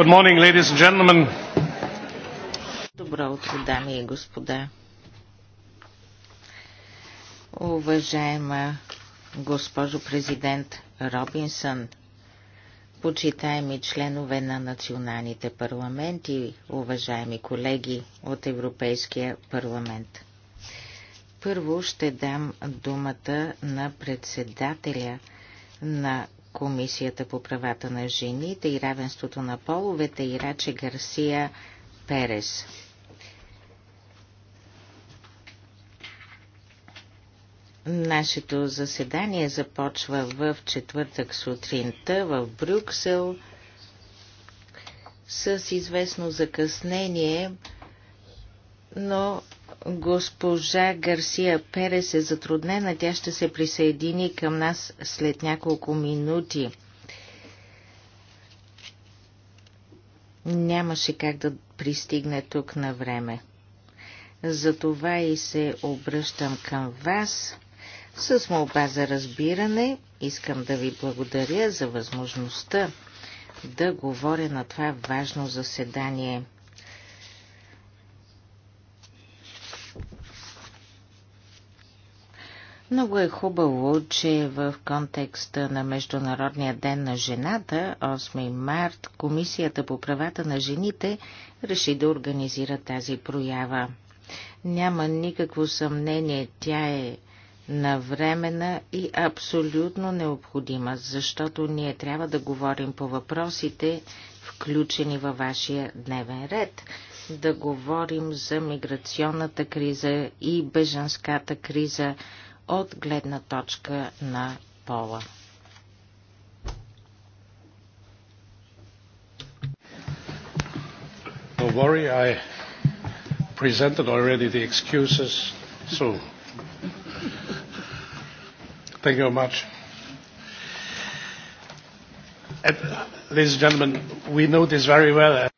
Good morning, ladies and gentlemen. Добро утро, дами и господа. Уважаема госпожо президент Робинсън, почитаеми членове на националните парламенти, уважаеми колеги от Европейския парламент. Първо ще дам думата на председателя на Комисията по правата на жените и равенството на половете Раче Гарсия Перес. Нашето заседание започва в четвъртък сутринта в Брюксел с известно закъснение, но Госпожа Гарсия Перес е затруднена. Тя ще се присъедини към нас след няколко минути. Нямаше как да пристигне тук на време. Затова и се обръщам към вас с молба за разбиране. Искам да ви благодаря за възможността да говоря на това важно заседание – Много е хубаво, че в контекста на Международния ден на жената, 8 март, Комисията по правата на жените реши да организира тази проява. Няма никакво съмнение, тя е навремена и абсолютно необходима, защото ние трябва да говорим по въпросите, включени във вашия дневен ред. Да говорим за миграционната криза и бежанската криза, от гледна точка на пола. Don't worry, I presented already the excuses, so thank you very much. And, ladies and gentlemen, we know this very well.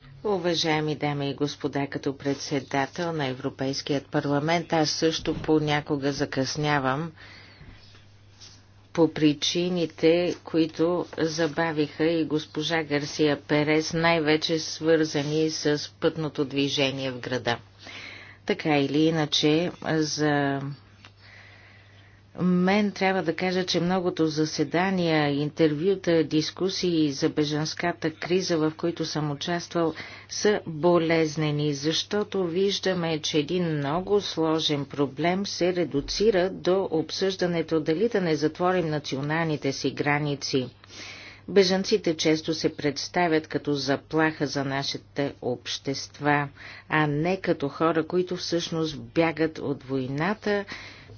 Уважаеми дами и господа, като председател на Европейският парламент, аз също понякога закъснявам по причините, които забавиха и госпожа Гарсия Перес, най-вече свързани с пътното движение в града. Така или иначе, за мен трябва да кажа, че многото заседания, интервюта, дискусии за бежанската криза, в които съм участвал, са болезнени, защото виждаме, че един много сложен проблем се редуцира до обсъждането дали да не затворим националните си граници. Бежанците често се представят като заплаха за нашите общества, а не като хора, които всъщност бягат от войната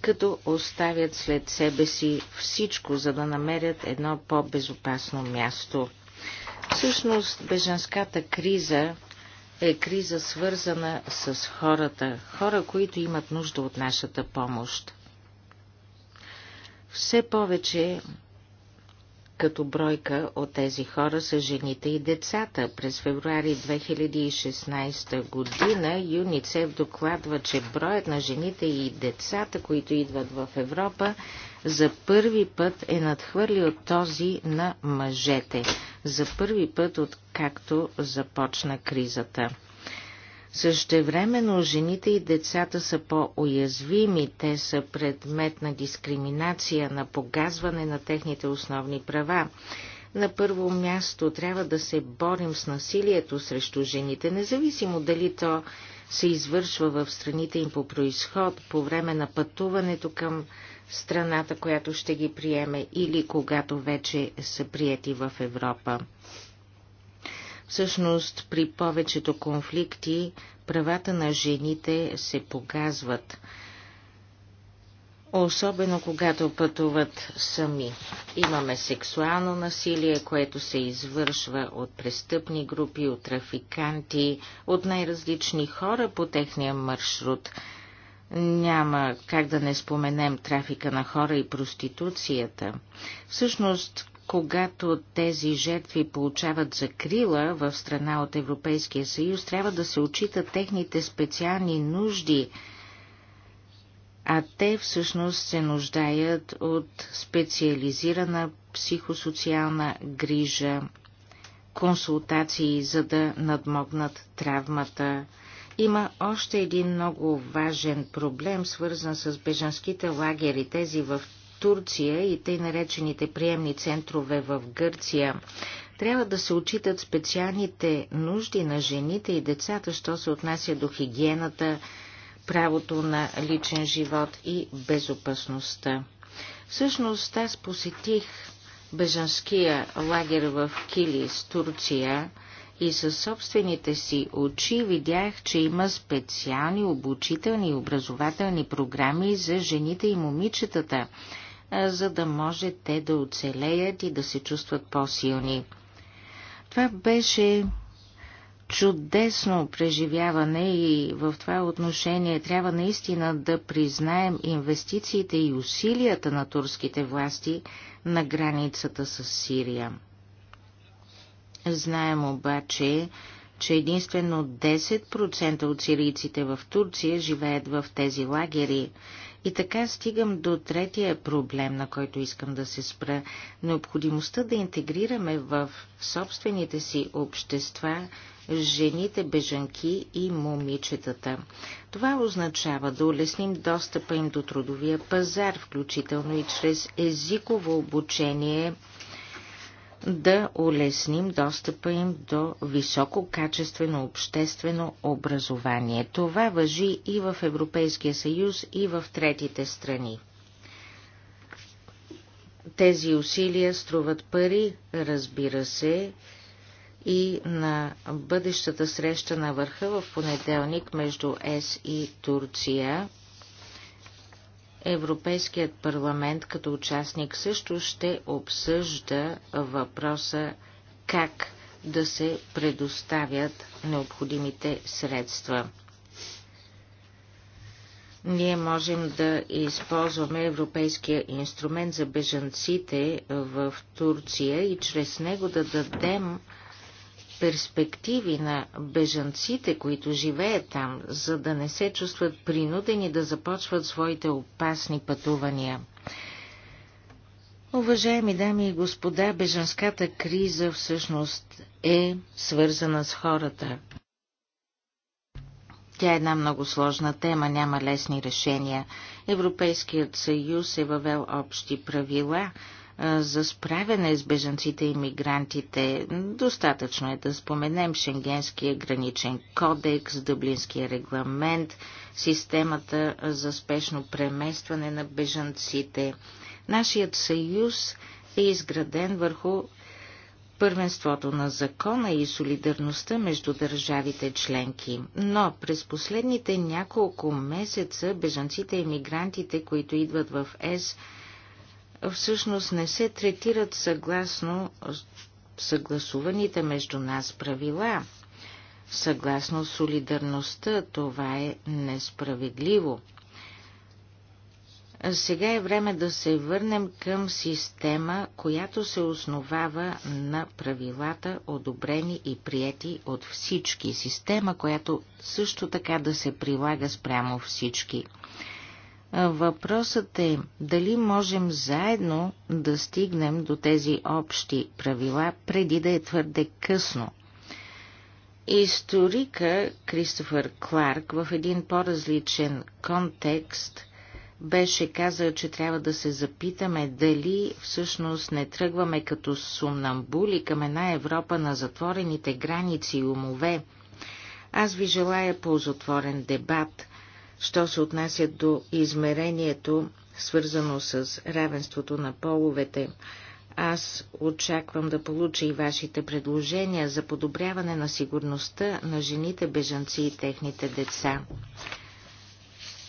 като оставят след себе си всичко, за да намерят едно по-безопасно място. Всъщност, беженската криза е криза свързана с хората, хора, които имат нужда от нашата помощ. Все повече като бройка от тези хора са жените и децата. През февруари 2016 година ЮНИЦЕФ докладва, че броят на жените и децата, които идват в Европа, за първи път е надхвърлил този на мъжете. За първи път, откакто започна кризата. Същевременно жените и децата са по-уязвими, те са предмет на дискриминация, на погазване на техните основни права. На първо място трябва да се борим с насилието срещу жените, независимо дали то се извършва в страните им по происход, по време на пътуването към страната, която ще ги приеме или когато вече са прияти в Европа. Всъщност при повечето конфликти правата на жените се погазват, особено когато пътуват сами. Имаме сексуално насилие, което се извършва от престъпни групи, от трафиканти, от най-различни хора по техния маршрут. Няма как да не споменем трафика на хора и проституцията. Всъщност, когато тези жертви получават закрила в страна от Европейския съюз, трябва да се отчитат техните специални нужди, а те всъщност се нуждаят от специализирана психосоциална грижа, консултации, за да надмогнат травмата. Има още един много важен проблем, свързан с бежанските лагери, тези в Турция и тъй наречените приемни центрове в Гърция, трябва да се отчитат специалните нужди на жените и децата, що се отнася до хигиената, правото на личен живот и безопасността. Всъщност аз посетих бежанския лагер в Килис, Турция, и със собствените си очи видях, че има специални обучителни и образователни програми за жените и момичетата – за да може те да оцелеят и да се чувстват по-силни. Това беше чудесно преживяване и в това отношение трябва наистина да признаем инвестициите и усилията на турските власти на границата с Сирия. Знаем обаче, че единствено 10% от сирийците в Турция живеят в тези лагери и така стигам до третия проблем, на който искам да се спра – необходимостта да интегрираме в собствените си общества жените бежанки и момичетата. Това означава да улесним достъпа им до трудовия пазар, включително и чрез езиково обучение – да улесним достъпа им до висококачествено обществено образование. Това въжи и в Европейския съюз, и в третите страни. Тези усилия струват пари, разбира се, и на бъдещата среща на върха в понеделник между ЕС и Турция – Европейският парламент като участник също ще обсъжда въпроса как да се предоставят необходимите средства. Ние можем да използваме Европейския инструмент за бежанците в Турция и чрез него да дадем перспективи на бежанците, които живеят там, за да не се чувстват принудени да започват своите опасни пътувания. Уважаеми дами и господа, бежанската криза всъщност е свързана с хората. Тя е една много сложна тема, няма лесни решения. Европейският съюз е въвел общи правила – за справяне с бежанците и мигрантите. Достатъчно е да споменем Шенгенския граничен кодекс, Дъблинския регламент, системата за спешно преместване на бежанците. Нашият съюз е изграден върху първенството на закона и солидарността между държавите членки. Но през последните няколко месеца бежанците и мигрантите, които идват в ЕС, всъщност не се третират съгласно съгласуваните между нас правила. Съгласно солидарността това е несправедливо. Сега е време да се върнем към система, която се основава на правилата, одобрени и приети от всички. Система, която също така да се прилага спрямо всички. Въпросът е дали можем заедно да стигнем до тези общи правила преди да е твърде късно. Историка Кристофър Кларк в един по-различен контекст беше казал, че трябва да се запитаме дали всъщност не тръгваме като сумнамбули към една Европа на затворените граници и умове. Аз ви желая ползотворен дебат – Що се отнася до измерението, свързано с равенството на половете, аз очаквам да получа и вашите предложения за подобряване на сигурността на жените бежанци и техните деца.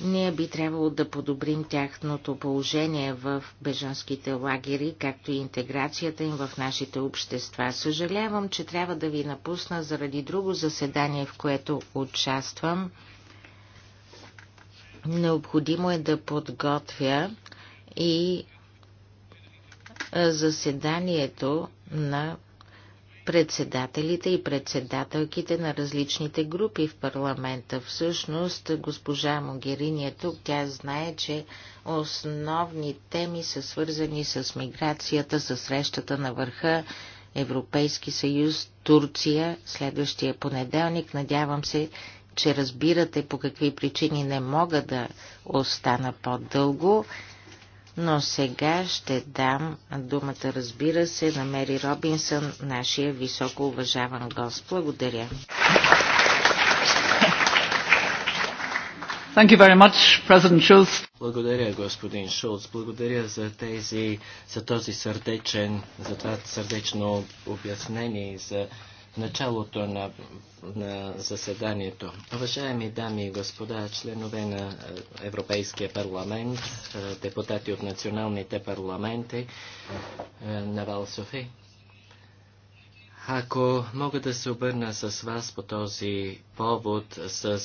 Ние би трябвало да подобрим тяхното положение в бежанските лагери, както и интеграцията им в нашите общества. Съжалявам, че трябва да ви напусна заради друго заседание, в което участвам. Необходимо е да подготвя и заседанието на председателите и председателките на различните групи в парламента. Всъщност, госпожа Могерини е тук. Тя знае, че основни теми са свързани с миграцията, с срещата на върха Европейски съюз, Турция, следващия понеделник. Надявам се че разбирате по какви причини не мога да остана по-дълго, но сега ще дам думата, разбира се, на Мери Робинсън, нашия високо уважаван гост. Благодаря. Thank you very much, President Schultz. Благодаря, господин Шулц. Благодаря за, тези, за този сърдечен, за това сърдечно обяснение, и за началото на, на заседанието. Уважаеми дами и господа, членове на е, Европейския парламент, е, депутати от националните парламенти е, на Валсофи, ако мога да се обърна с вас по този повод с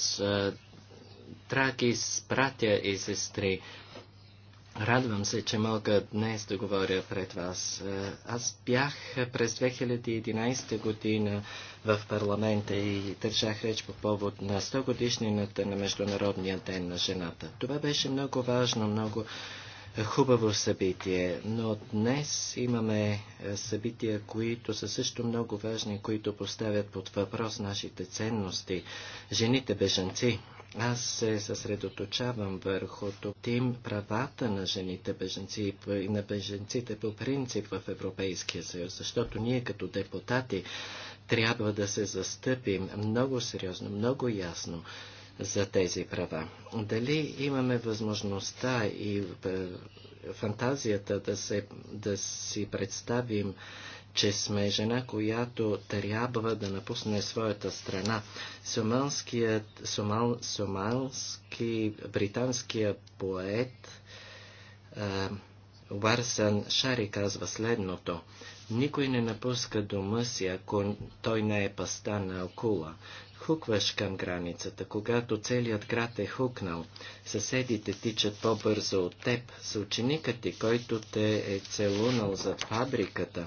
драги братя и сестри, Радвам се, че мога днес да говоря пред вас. Е, аз бях през 2011 година в парламента и държах реч по повод на 100 годишнината на Международния ден на жената. Това беше много важно, много хубаво събитие, но днес имаме е, събития, които са също много важни, които поставят под въпрос нашите ценности. Жените бежанци. Аз се съсредоточавам върху тим правата на жените беженци и на беженците по принцип в Европейския съюз, защото ние като депутати трябва да се застъпим много сериозно, много ясно за тези права. Дали имаме възможността и е, фантазията да, се, да си представим, че сме жена, която трябва да напусне своята страна. Сомалският, сомал, сомалски, британският поет а, е, Варсан Шари казва следното. Никой не напуска дома си, ако той не е паста на акула хукваш към границата. Когато целият град е хукнал, съседите тичат по-бързо от теб, съученикът ти, който те е целунал за фабриката,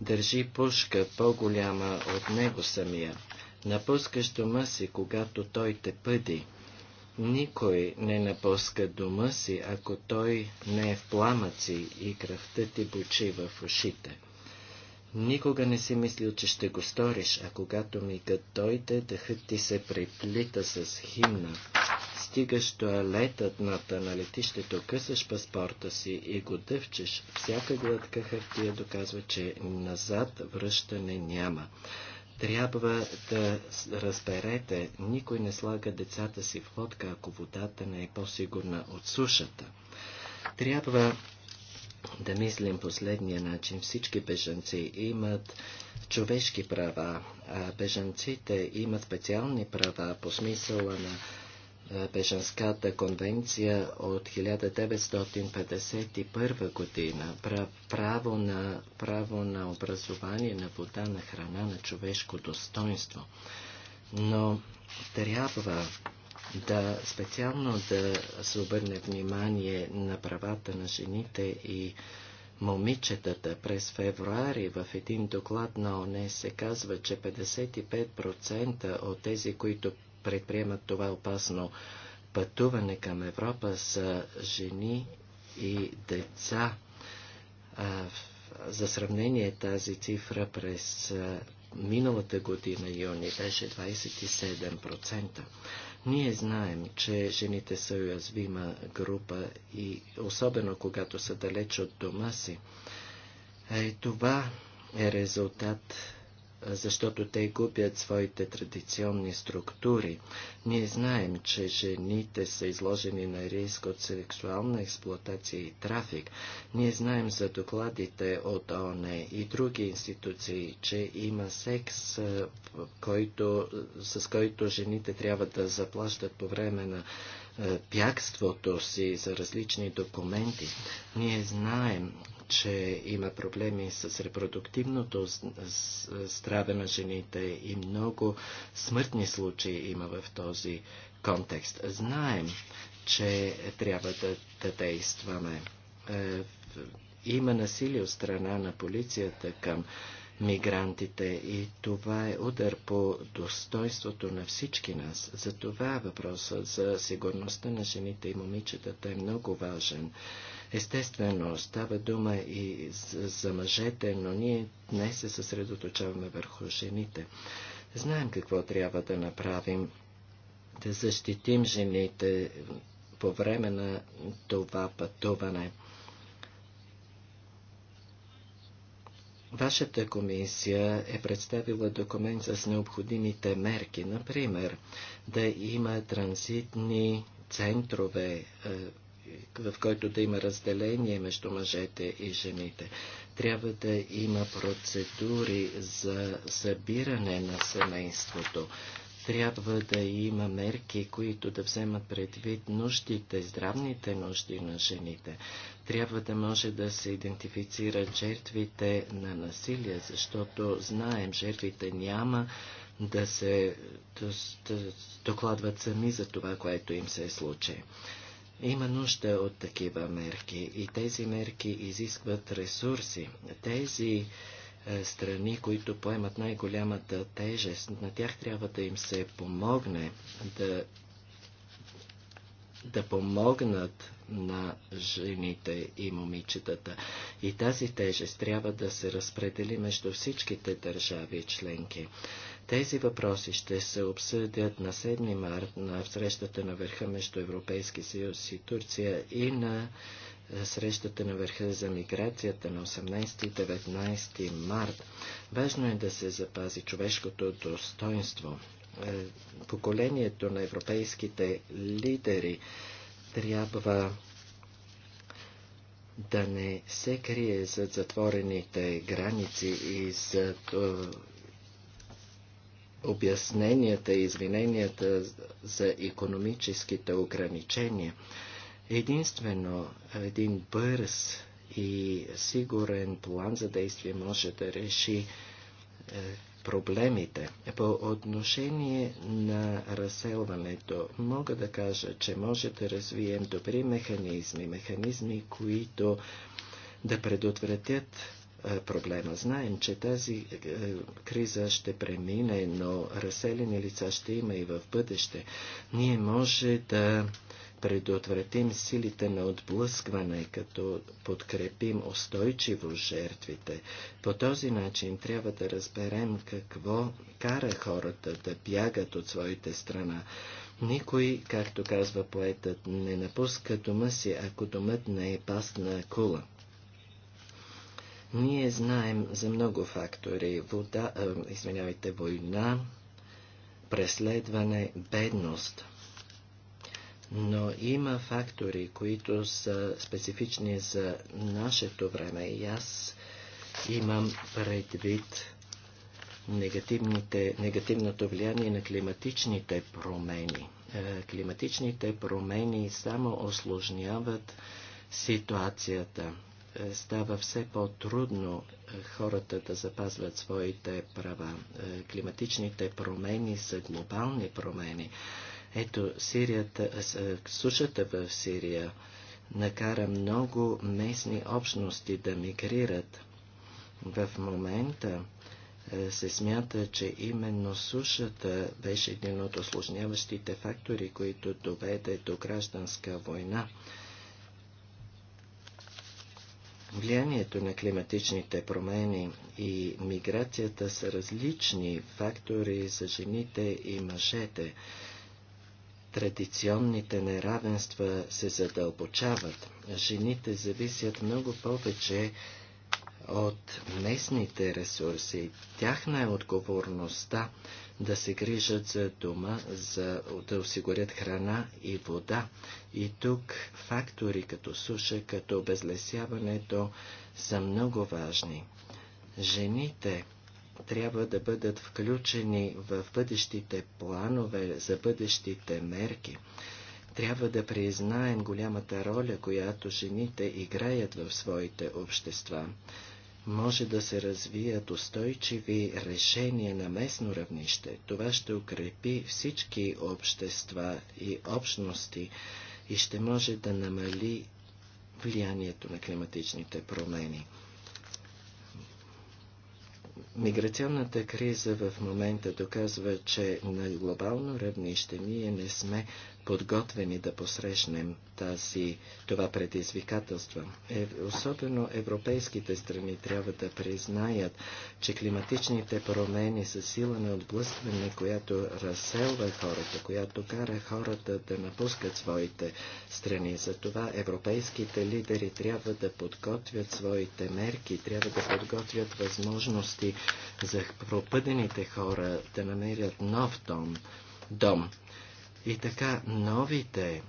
държи пушка по-голяма от него самия. Напускаш дома си, когато той те пъди. Никой не напуска дома си, ако той не е в пламъци и кръвта ти бочи в ушите. Никога не си мислил, че ще го сториш, а когато мигът дойде, дъхът ти се приплита с химна. Стигаш туалетната на летището, късаш паспорта си и го дъвчеш. Всяка глътка хартия доказва, че назад връщане няма. Трябва да разберете, никой не слага децата си в лодка, ако водата не е по-сигурна от сушата. Трябва да мислим последния начин. Всички бежанци имат човешки права. А бежанците имат специални права по смисъла на Бежанската конвенция от 1951 година. Право на, право на образование, на вода, на храна, на човешко достоинство. Но трябва да специално да се обърне внимание на правата на жените и момичетата. През февруари в един доклад на ОНЕ се казва, че 55% от тези, които предприемат това опасно пътуване към Европа, са жени и деца. За сравнение тази цифра през миналата година юни беше 27%. Ние знаем, че жените са уязвима група и особено когато са далеч от дома си. Е, това е резултат защото те губят своите традиционни структури. Ние знаем, че жените са изложени на риск от сексуална експлоатация и трафик. Ние знаем за докладите от ОНЕ и други институции, че има секс, който, с който жените трябва да заплащат по време на бягството си за различни документи. Ние знаем че има проблеми с репродуктивното здраве на жените и много смъртни случаи има в този контекст. Знаем, че трябва да, да действаме. Е, има насилие от страна на полицията към мигрантите и това е удар по достойството на всички нас. Затова въпросът за сигурността на жените и момичетата е много важен. Естествено, става дума и за мъжете, но ние днес се съсредоточаваме върху жените. Знаем какво трябва да направим, да защитим жените по време на това пътуване. Вашата комисия е представила документ с необходимите мерки, например, да има транзитни центрове, е, в който да има разделение между мъжете и жените. Трябва да има процедури за събиране на семейството трябва да има мерки, които да вземат предвид нуждите, здравните нужди на жените. Трябва да може да се идентифицират жертвите на насилие, защото знаем, жертвите няма да се докладват сами за това, което им се е случи. Има нужда от такива мерки и тези мерки изискват ресурси. Тези е, страни, които поемат най-голямата тежест. На тях трябва да им се помогне да, да помогнат на жените и момичетата. И тази тежест трябва да се разпредели между всичките държави и членки. Тези въпроси ще се обсъдят на 7 март на срещата на върха между Европейски съюз и Турция и на срещата на върха за миграцията на 18 и 19 март. Важно е да се запази човешкото достоинство. Е, поколението на европейските лидери трябва да не се крие зад затворените граници и зад е, обясненията и извиненията за економическите ограничения. Единствено един бърз и сигурен план за действие може да реши е, проблемите. По отношение на разселването, мога да кажа, че може да развием добри механизми, механизми, които да предотвратят е, проблема. Знаем, че тази е, криза ще премине, но разселени лица ще има и в бъдеще. Ние може да предотвратим силите на отблъскване, като подкрепим устойчиво жертвите. По този начин трябва да разберем какво кара хората да бягат от своите страна. Никой, както казва поетът, не напуска дома си, ако домът не е пасна кула. Ние знаем за много фактори. Вода, э, извинявайте, война, преследване, бедност – но има фактори, които са специфични за нашето време и аз имам предвид негативното влияние на климатичните промени. Е, климатичните промени само осложняват ситуацията. Е, става все по-трудно е, хората да запазват своите права. Климатичните промени са глобални промени. Ето, серията, сушата в Сирия накара много местни общности да мигрират. В момента се смята, че именно сушата беше един от осложняващите фактори, които доведе до гражданска война. Влиянието на климатичните промени и миграцията са различни фактори за жените и мъжете традиционните неравенства се задълбочават. Жените зависят много повече от местните ресурси. Тяхна е отговорността да се грижат за дома, за да осигурят храна и вода. И тук фактори като суша, като обезлесяването са много важни. Жените трябва да бъдат включени в бъдещите планове, за бъдещите мерки. Трябва да признаем голямата роля, която жените играят в своите общества. Може да се развият устойчиви решения на местно равнище. Това ще укрепи всички общества и общности и ще може да намали влиянието на климатичните промени. Миграционната криза в момента доказва, че на глобално равнище ние не сме подготвени да посрещнем тази, това предизвикателство. Е, особено европейските страни трябва да признаят, че климатичните промени са сила на отблъскване, която разселва хората, която кара хората да напускат своите страни. Затова европейските лидери трябва да подготвят своите мерки, трябва да подготвят възможности за пропъдените хора да намерят нов дом. дом. И така, новите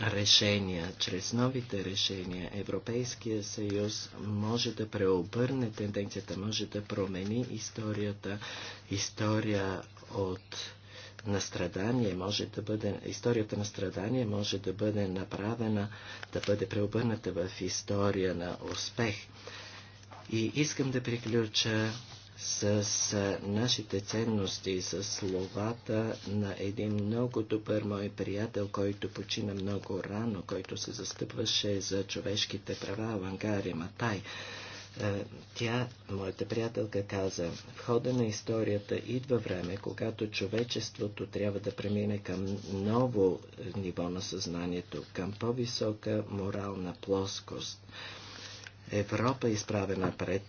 решения, чрез новите решения, Европейския съюз може да преобърне тенденцията, може да промени историята, история от на страдание може да бъде, историята на страдание може да бъде направена, да бъде преобърната в история на успех. И искам да приключа с нашите ценности, с словата на един много добър мой приятел, който почина много рано, който се застъпваше за човешките права, Авангария Матай. Тя, моята приятелка, каза, в хода на историята идва време, когато човечеството трябва да премине към ново ниво на съзнанието, към по-висока морална плоскост. Европа е изправена пред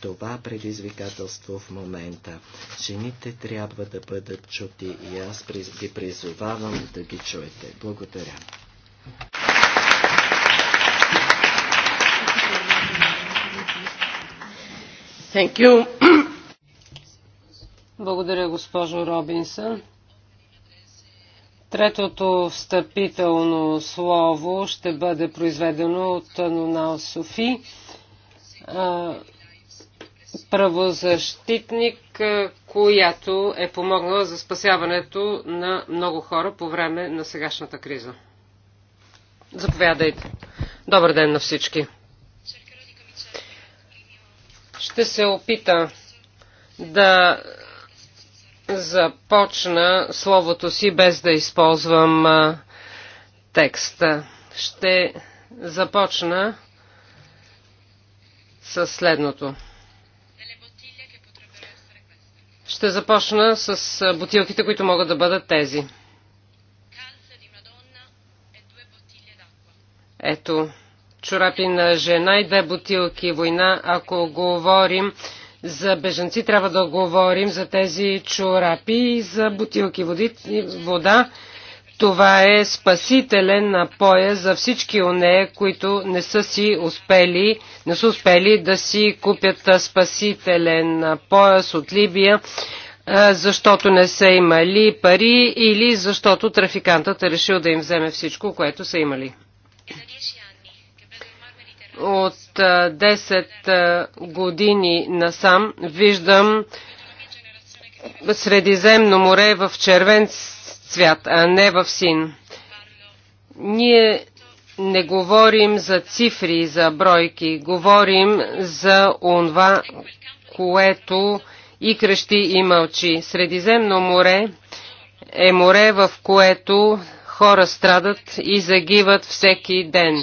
това предизвикателство в момента. Жените трябва да бъдат чути и аз ги призовавам да ги чуете. Благодаря. Thank you. Благодаря, госпожо Робинсън. Третото встъпително слово ще бъде произведено от Нонал Софи правозащитник, която е помогнала за спасяването на много хора по време на сегашната криза. Заповядайте. Добър ден на всички. Ще се опита да започна словото си без да използвам текста. Ще започна с следното. Ще започна с бутилките, които могат да бъдат тези. Ето, чорапи на жена и две бутилки война. Ако говорим за бежанци, трябва да говорим за тези чорапи и за бутилки води, вода. Това е спасителен поя за всички оне, които не са, си успели, не са успели да си купят спасителен пояс от Либия, защото не са имали пари или защото трафикантът е решил да им вземе всичко, което са имали. От 10 години насам виждам Средиземно море в червен цвят, а не в син. Ние не говорим за цифри, за бройки, говорим за онва, което и крещи и мълчи. Средиземно море е море, в което хора страдат и загиват всеки ден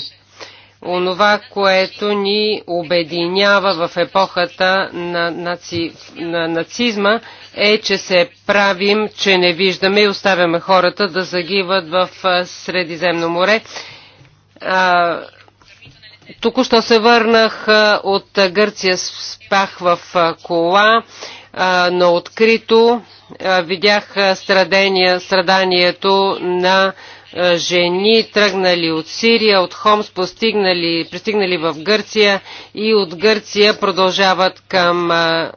онова, което ни обединява в епохата на, наци, на нацизма, е, че се правим, че не виждаме и оставяме хората да загиват в Средиземно море. А, Току-що се върнах от Гърция, спах в кола, на открито видях страданието на е, жени, тръгнали от Сирия, от Хомс, постигнали, пристигнали в Гърция и от Гърция продължават към е,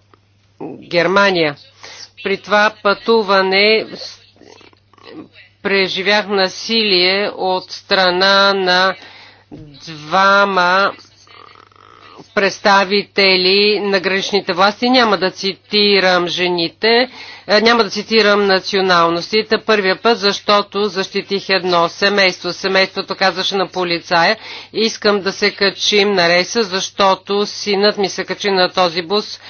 Германия. При това пътуване преживях насилие от страна на двама представители на граничните власти. Няма да цитирам жените, е, няма да цитирам националностите. Първия път, защото защитих едно семейство. Семейството казваше на полицая, искам да се качим на рейса, защото синът ми се качи на този бус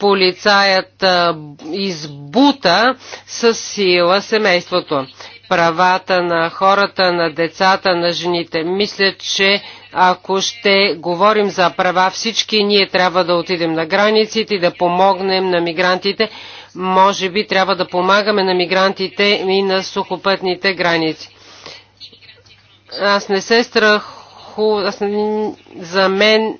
полицаят е, избута с сила семейството правата на хората, на децата, на жените. Мисля, че ако ще говорим за права, всички ние трябва да отидем на границите и да помогнем на мигрантите. Може би трябва да помагаме на мигрантите и на сухопътните граници. Аз не се страх хубаво. За мен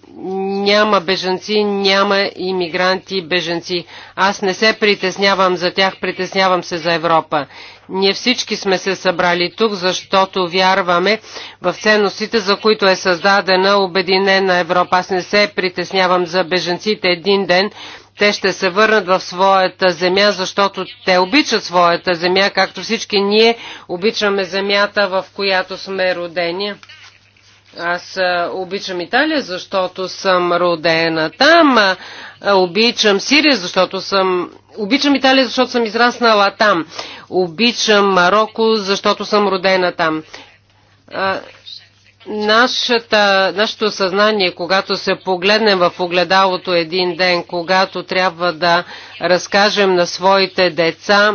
няма бежанци, няма иммигранти, бежанци. Аз не се притеснявам за тях, притеснявам се за Европа. Ние всички сме се събрали тук, защото вярваме в ценностите, за които е създадена Обединена Европа. Аз не се притеснявам за бежанците един ден. Те ще се върнат в своята земя, защото те обичат своята земя, както всички ние обичаме земята, в която сме родени. Аз обичам Италия, защото съм родена там. Обичам Сирия, защото съм... Обичам Италия, защото съм израснала там. Обичам Марокко, защото съм родена там. нашата, нашето съзнание, когато се погледнем в огледалото един ден, когато трябва да разкажем на своите деца,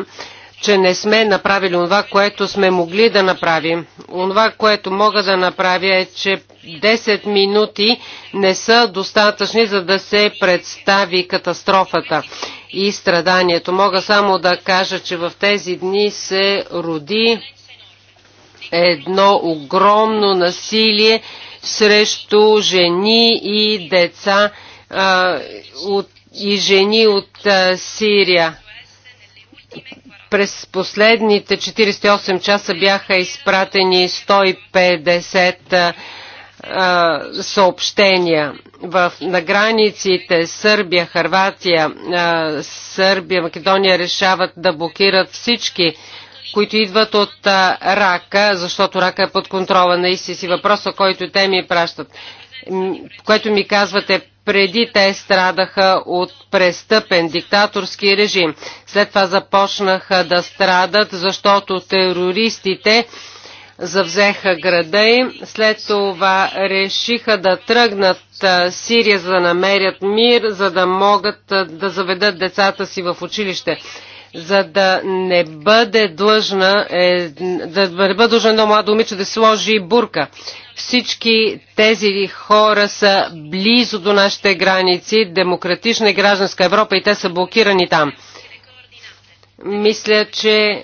че не сме направили това, което сме могли да направим. Това, което мога да направя е, че 10 минути не са достатъчни, за да се представи катастрофата и страданието. Мога само да кажа, че в тези дни се роди едно огромно насилие срещу жени и деца а, от, и жени от а, Сирия през последните 48 часа бяха изпратени 150 съобщения в, на границите Сърбия, Харватия, Сърбия, Македония решават да блокират всички, които идват от а, Рака, защото Рака е под контрола на ИСИС и въпроса, който те ми пращат, което ми казвате преди те страдаха от престъпен диктаторски режим. След това започнаха да страдат, защото терористите завзеха града им. След това решиха да тръгнат Сирия, за да намерят мир, за да могат да заведат децата си в училище. За да не бъде длъжна, е, да не бъде длъжна едно младо момиче да сложи бурка. Всички тези хора са близо до нашите граници, демократична и гражданска Европа и те са блокирани там. Мисля, че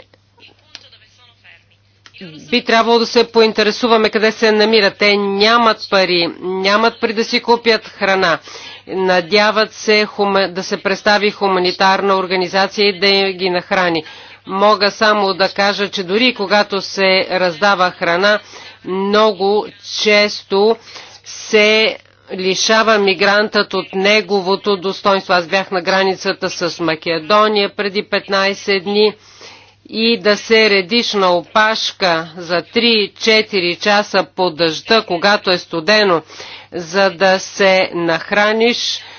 би трябвало да се поинтересуваме къде се намират. Те нямат пари, нямат пари да си купят храна. Надяват се да се представи хуманитарна организация и да ги нахрани. Мога само да кажа, че дори когато се раздава храна, много често се лишава мигрантът от неговото достоинство. Аз бях на границата с Македония преди 15 дни и да се редиш на опашка за 3-4 часа по дъжда, когато е студено, за да се нахраниш –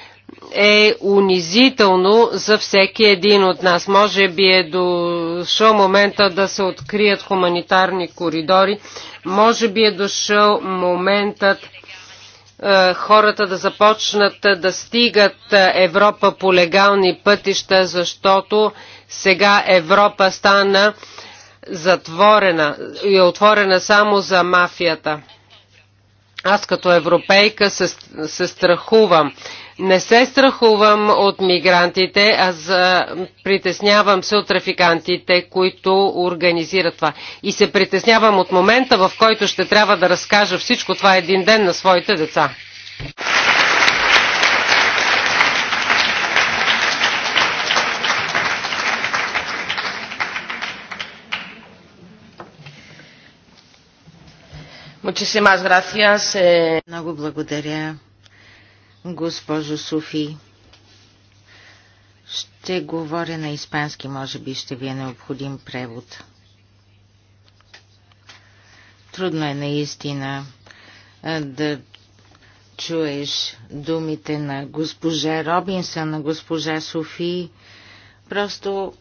е унизително за всеки един от нас. Може би е дошъл момента да се открият хуманитарни коридори. Може би е дошъл моментът е, хората да започнат да стигат е, Европа по легални пътища, защото сега Европа стана затворена и е отворена само за мафията. Аз като европейка се, се страхувам. Не се страхувам от мигрантите, а за... притеснявам се от трафикантите, които организират това. И се притеснявам от момента, в който ще трябва да разкажа всичко това един ден на своите деца. Eh. Много благодаря госпожо Софи. Ще говоря на испански, може би ще ви е необходим превод. Трудно е наистина да чуеш думите на госпожа Робинсън, на госпожа Софи. Просто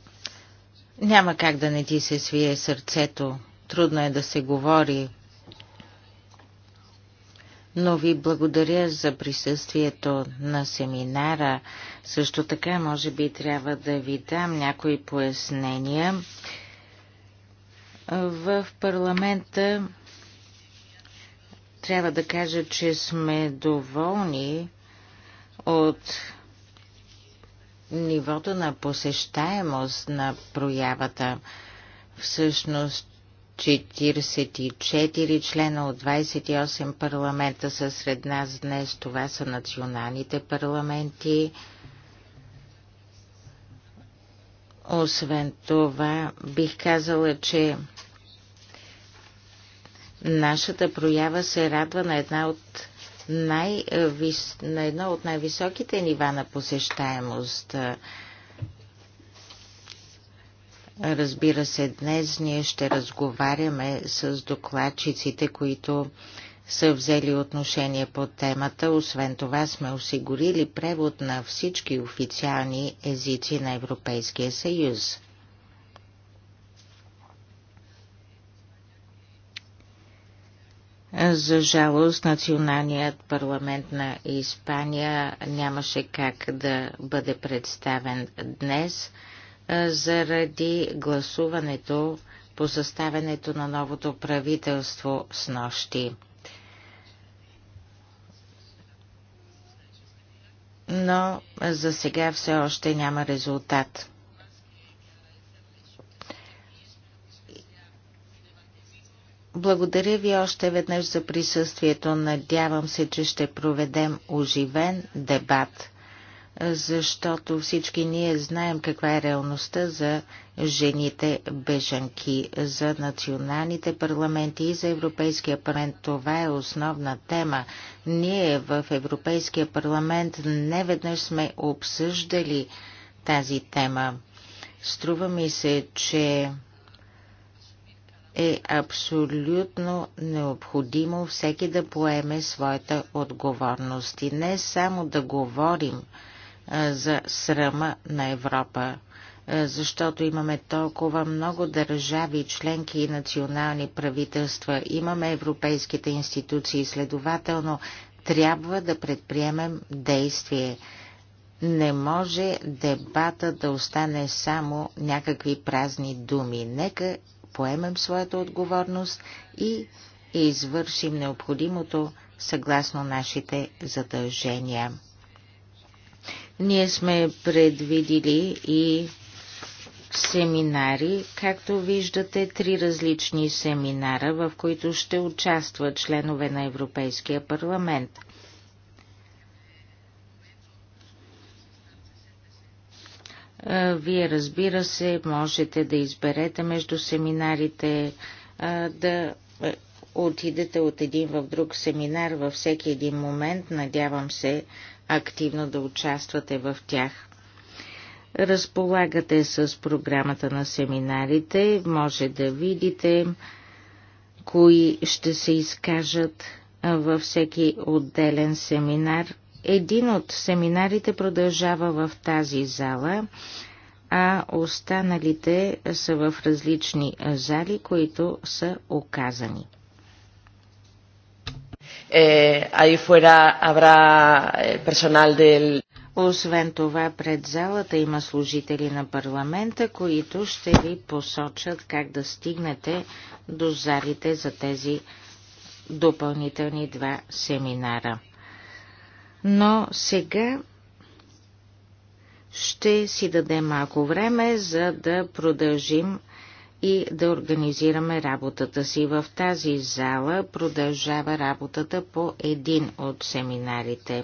няма как да не ти се свие сърцето. Трудно е да се говори но ви благодаря за присъствието на семинара. Също така, може би трябва да ви дам някои пояснения. В парламента трябва да кажа, че сме доволни от нивото на посещаемост на проявата. Всъщност 44 члена от 28 парламента са сред нас днес. Това са националните парламенти. Освен това, бих казала, че нашата проява се радва на една от най на едно от най-високите нива на посещаемост. Разбира се, днес ние ще разговаряме с докладчиците, които са взели отношение по темата. Освен това сме осигурили превод на всички официални езици на Европейския съюз. За жалост, националният парламент на Испания нямаше как да бъде представен днес – заради гласуването по съставянето на новото правителство с нощи. Но за сега все още няма резултат. Благодаря ви още веднъж за присъствието. Надявам се, че ще проведем оживен дебат защото всички ние знаем каква е реалността за жените бежанки, за националните парламенти и за Европейския парламент. Това е основна тема. Ние в Европейския парламент неведнъж сме обсъждали тази тема. Струва ми се, че е абсолютно необходимо всеки да поеме своята отговорност и не само да говорим – за срама на Европа, защото имаме толкова много държави, членки и национални правителства, имаме европейските институции, следователно трябва да предприемем действие. Не може дебата да остане само някакви празни думи. Нека поемем своята отговорност и извършим необходимото съгласно нашите задължения. Ние сме предвидили и семинари, както виждате, три различни семинара, в които ще участват членове на Европейския парламент. Вие, разбира се, можете да изберете между семинарите, да отидете от един в друг семинар във всеки един момент. Надявам се, активно да участвате в тях. Разполагате с програмата на семинарите, може да видите кои ще се изкажат във всеки отделен семинар. Един от семинарите продължава в тази зала, а останалите са в различни зали, които са оказани eh, ahí fuera habrá eh, personal del Освен това, пред залата има служители на парламента, които ще ви посочат как да стигнете до залите за тези допълнителни два семинара. Но сега ще си дадем малко време, за да продължим и да организираме работата си. В тази зала продължава работата по един от семинарите,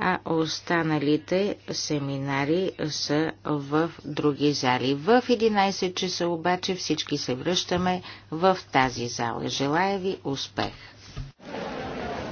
а останалите семинари са в други зали. В 11 часа обаче всички се връщаме в тази зала. Желая ви успех!